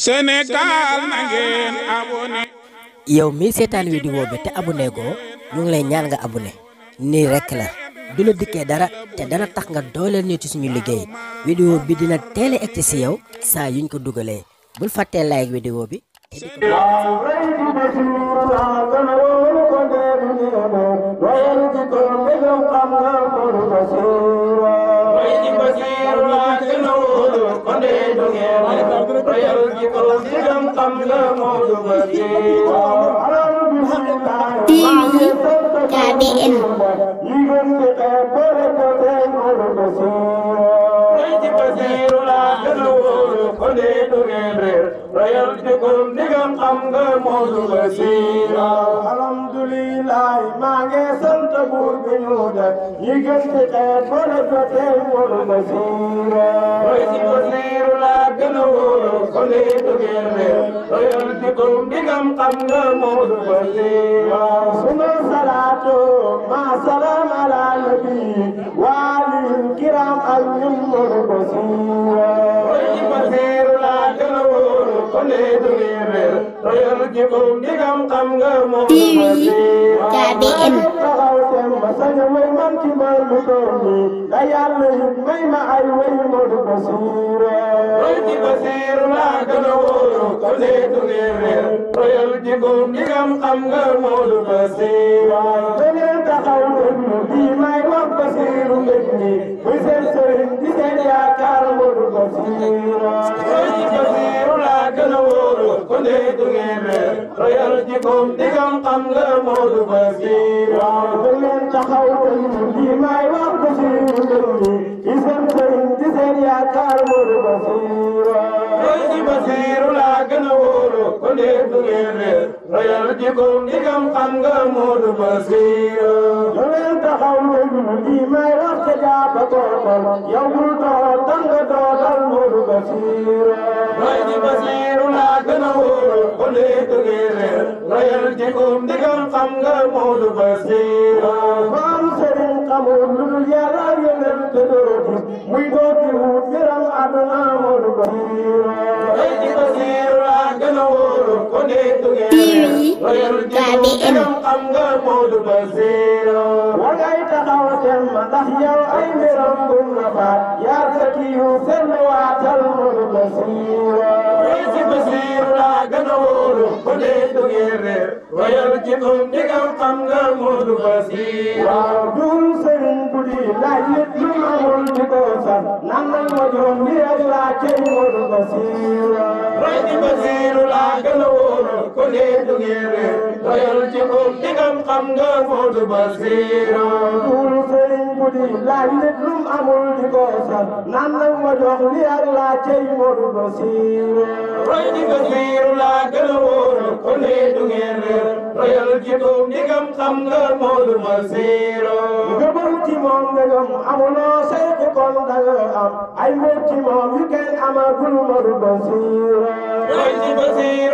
Sénégal na ngeen abonné. yow mii seetaan vidéo bi te abonné goo ñu ngi lay ñaan nga abonné nii rekk la du la dikkee dara te dana tax nga dooleel ñu ci suñu liggéey vidéo bi dina teel a ci si yow saa yuñ ko dugalee bul fàttee like vidéo bi te di ko royal gi e ko ci xam-xam la moo dugal KBN royal gi ko ci xam-xam nga moo dugal alhamdulillah maa ngi sant buur bi ñu def ñi gën ci xeet boole ko tey wóolu ma yàlla gën a wóor xolli du ngeen réer doyal di ko ndigam xam nga moo du ko siiwaa suma salaatu ma salaam ala nabi waalin kiram ak ñun moo ko siiwaa xolli basiiru laa gën a wóor xolli du ngeen réer doyal di ko ndigam xam nga moo du ko siiwaa TVI KBM nga ci mbër mu doon nii nga yàlla may ma ay way ci Basiiru laa gën a wóoru ko leetu ngeen réer royal ci Basiiru laa gën a wóoru ko leetu ngeen réer royal jikkoom di gam xam nga Modou Basiir waaw da ngeen taxaw tey lii may wax ko si réew mi di seen sëriñ di seen yaakaar Modou Basiir waaw roy ci Basiiru laa gën a wóolu ko ndéet du ngeen réer royal jikoom digam xam nga Moodu Basiiru lu leen taxaw lu lii may wax te jaaba kookol yow bul doo tàng doo dal Moodu Basiiru roy ci Basiiru laa gën a wóolu ko ndéet du ngeen réer royal jikoom digam xam nga Moodu Basiiru baaru sëriñ xamul lu dul yàlla yonent te dootu muy dootu wut biram aduna tabi'in am nga Moodu Basiru wa ngay taxaw tem ndax yow ay mbiram bu na faat yaa sakiyu seen waatal Moodu Basiru ويرجعهم دقم قمنا مود بسير وعدون سرين بدي لا يتلم عمل بكوسا نمنا وجون بيجلا كي مود بسير رد بسير لا قلور كل دقير ويرجعهم دقم قمنا مود بسير وعدون سرين buddi laaj nit lum amul di ko sal nan nag ma jox li yàlla cay Modou Bassiré roy ci Basiiru laa gën a wóor ko ne du ci moom ndigam xam nga Moodu Basiiru gëmal am ay mbir ci moom yu kenn amagul a wóor ko ne du ngeen réer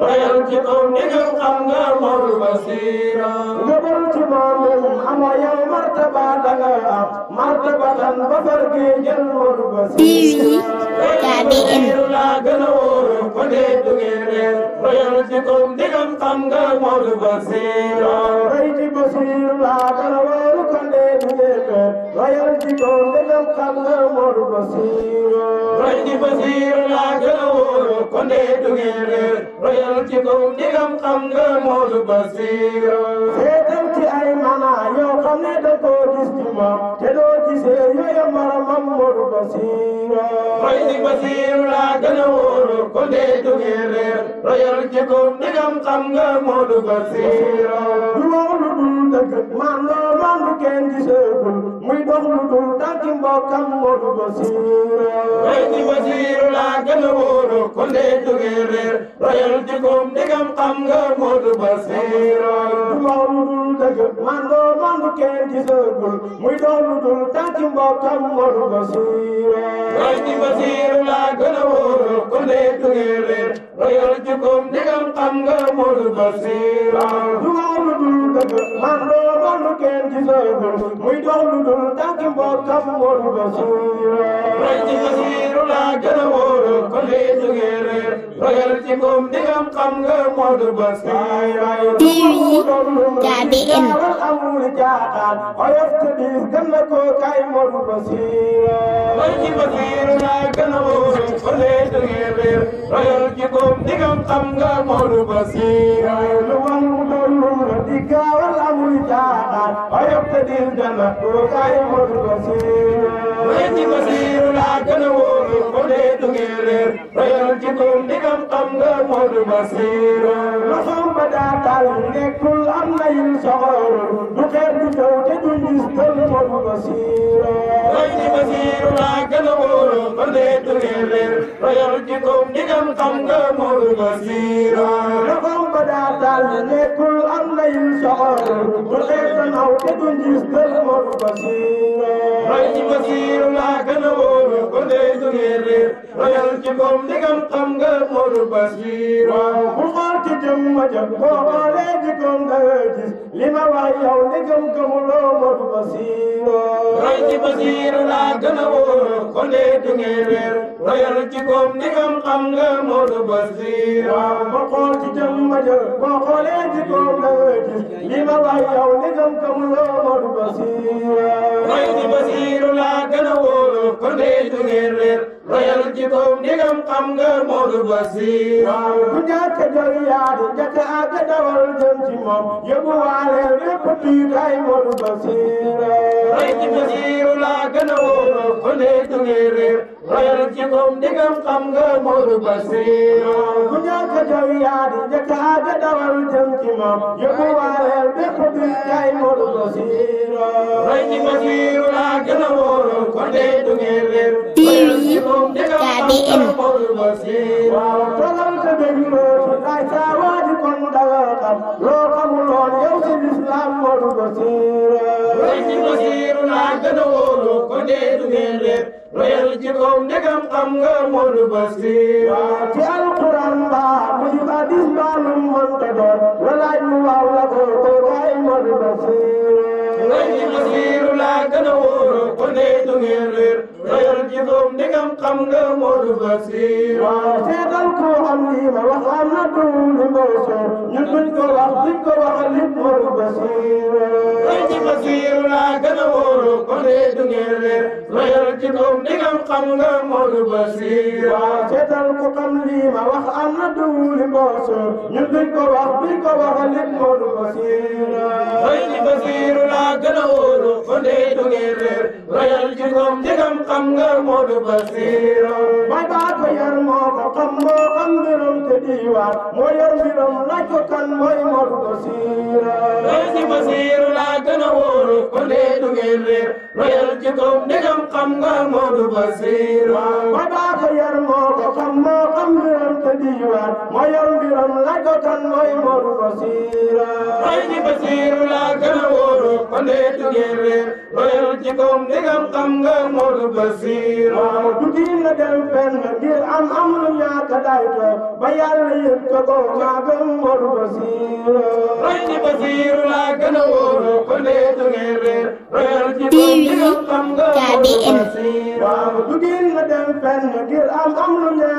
royal ci moom ndigam xam nga Moodu Basiiru gëmal ci moom ndegam amoo yow martaba da am martaba tan ba far gee bi in roy ci Basiir laa gën a wóolu konde du ci kaw ndigam xam nga Moodu Basiir seetal ci ay mana yoo xam ne da ma te doo gisee yooya maramam Moodu Basiira roy si Basiiru laa gën a wóoru ko dee jógee reer royal ci ko ndegam xam nga Moodu Basiira du wax lu dul dëgg man loo man du kenn gisee muy dox lu dul ci mbokkam wóolu ko siira roy ci wasiiru laa gën a wóolu ko ndee jógee réer royal jikkoom ndegam xam nga wóolu ba siira wax lu dul dëgg man loo man lu kenn gisagul muy doon lu dul tànk ci mbokkam wóolu ko siira roy ci wasiiru laa gën a wóolu ko ndee jógee réer ba yor jikkoom ndigam xam nga Modou Bassira du lu dul dëgg man loolu lu kenn gisagul muy dox lu dul tànk mbokkam Modou Bassira roy ci Bassirou laa gën a wóoru ko lii jógee reer ba yor jikkoom ndigam caabi en royal jikoom digam xam nga Modou Basira lu wan lu la digaawal amul jaaxaan oyof te dir dana ko kay Modou Basira royal ji Basira laa gën a wóolu ko dee du ngeen réer royal jikoom digam xam nga Modou Basira ba daatal nekkul am na yu soxor du xeet du jëw te du gis tël moom basiiro roy ni basiiro laa gën a wóor ba nee du réer réer royal jikkoom jigam xam nga ba daatal saxar bu xeeb gannaaw te duñ gis dal ci Basiir laa gën a wóolu kon day du ngeen réer ci moom ndigam xam nga Modou Basiir bu ci jëm ma jëm boo li ma wax yow ndegam gëmuloo Modou Basiiró. roy ci Basiiró laa gën a wóor kon de du ngeen wér. royal ci koom ndegam xam nga Modou Basiiró. ma xool ci jëm ma jël. boo xoolee ci koom la gis. kon dee du ngeen réer royal jikoom ndigam xam nga Modou Basiir waaw ku njëkk a jël yaadu njëkk a àgg dawal jëm ci moom yóbbu waale lépp tiitaay Modou Basiir roy ci Basiiru laa gën a wóor kon dee du ngeen réer royal ci moom ndigam xam nga Modou Bassirou ku ñàkk jaw yaa di njëkk a ga dawal jëm ci moom yóbbu waaleel bépp bi yaay Modou Bassirou roy ci Bassirou laa gën a wóoru kon de du ngeen réer royal ci moom ndigam xam nga Modou Bassirou tolal te bëgg loo ay saa waaji kon dawal xam loo xamuloon yow ci lislaam Modou Bassirou roy ci Bassirou laa gën a wóoru ngeen réer royal jikoom ndegam xam nga Modou Basiir ci alquran ba mu ñu ba lu mën ta doon walaay mu waaw la ko ko kaay Modou Basiir laa gën a wóor ko ne doyal jëfam ndegam xam nga Modou Basiir. waaw seetal ko xam lii ma wax am na tuuti li ngay soor ñun duñ ko wax duñ ko waxal it Modou Basiir. doy ci Basiir laa gën a wóoru ko dee du ngeen leer doyal jëfam ndegam xam nga Modou Basiir. waaw seetal ko xam lii ma wax am na tuuti li ngay soor ñun duñ ko wax duñ ko waxal it Modou Basiir. doy ci Basiir laa gën a wóoru ko dee du ngeen leer royal ci koom ndegam xam nga Modou Bassirou. bay baat ba yar moo ko xam moo xam ngërëm te diwaan moo yor mbiram laaj ko kan mooy Mor Basiira looy si Basiiru laa gën a wóolu kon dee du ngeen réer royal jikkoom ndegam xam nga ko yar moo ko xam moo xam mbiram te du Basiira ca daay toog ba yàlla yëg ca ko maa gëm Moodu Basiiru roy ni laa gën a wóoru ko ndee da ngeen réer royal ci moom xam nga Moodu Basiiru waaw dugin na dem fenn ngir am am lu ñee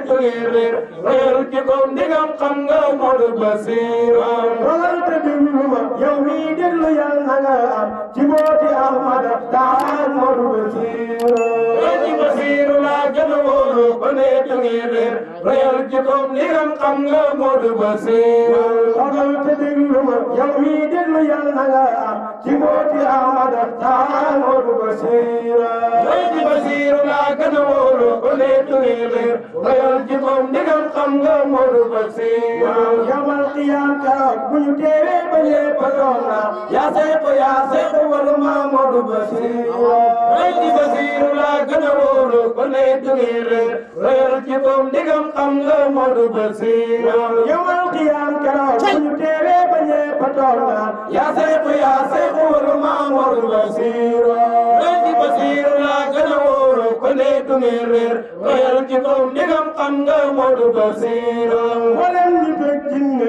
xeetu réer réeru ci kaw ndigam xam nga Modou Basira walal te dimbaluma yow mii déglu yàlla na nga am ci booti Ahmada daan Modou Basira Modou a déglu ma yow mii déglu yàlla na nga am ci mbooti Ahmada taa Moodu Basiira. Moodu Basiira laa gën a wóolu ba léegi ngay leer royal ji moom ndigam xam nga Moodu Basiira. yamal xiyaam karam bu ñu teewee ba ñëpp a doon naa yaa seeku yaa seeku wala maa Moodu Basiira. nay turir ci moom ndigam xam nga Modou Basiir yowal xiyaam keroog bu ñu teewee ba ñëpp toog na yaa saytu yaa saytu wala maa Modou Basiir nay ci Basiir laa gën a wóoru ko nay turir wayal ci moom ndigam xam nga Modou Basiir wala ñu fekk jinne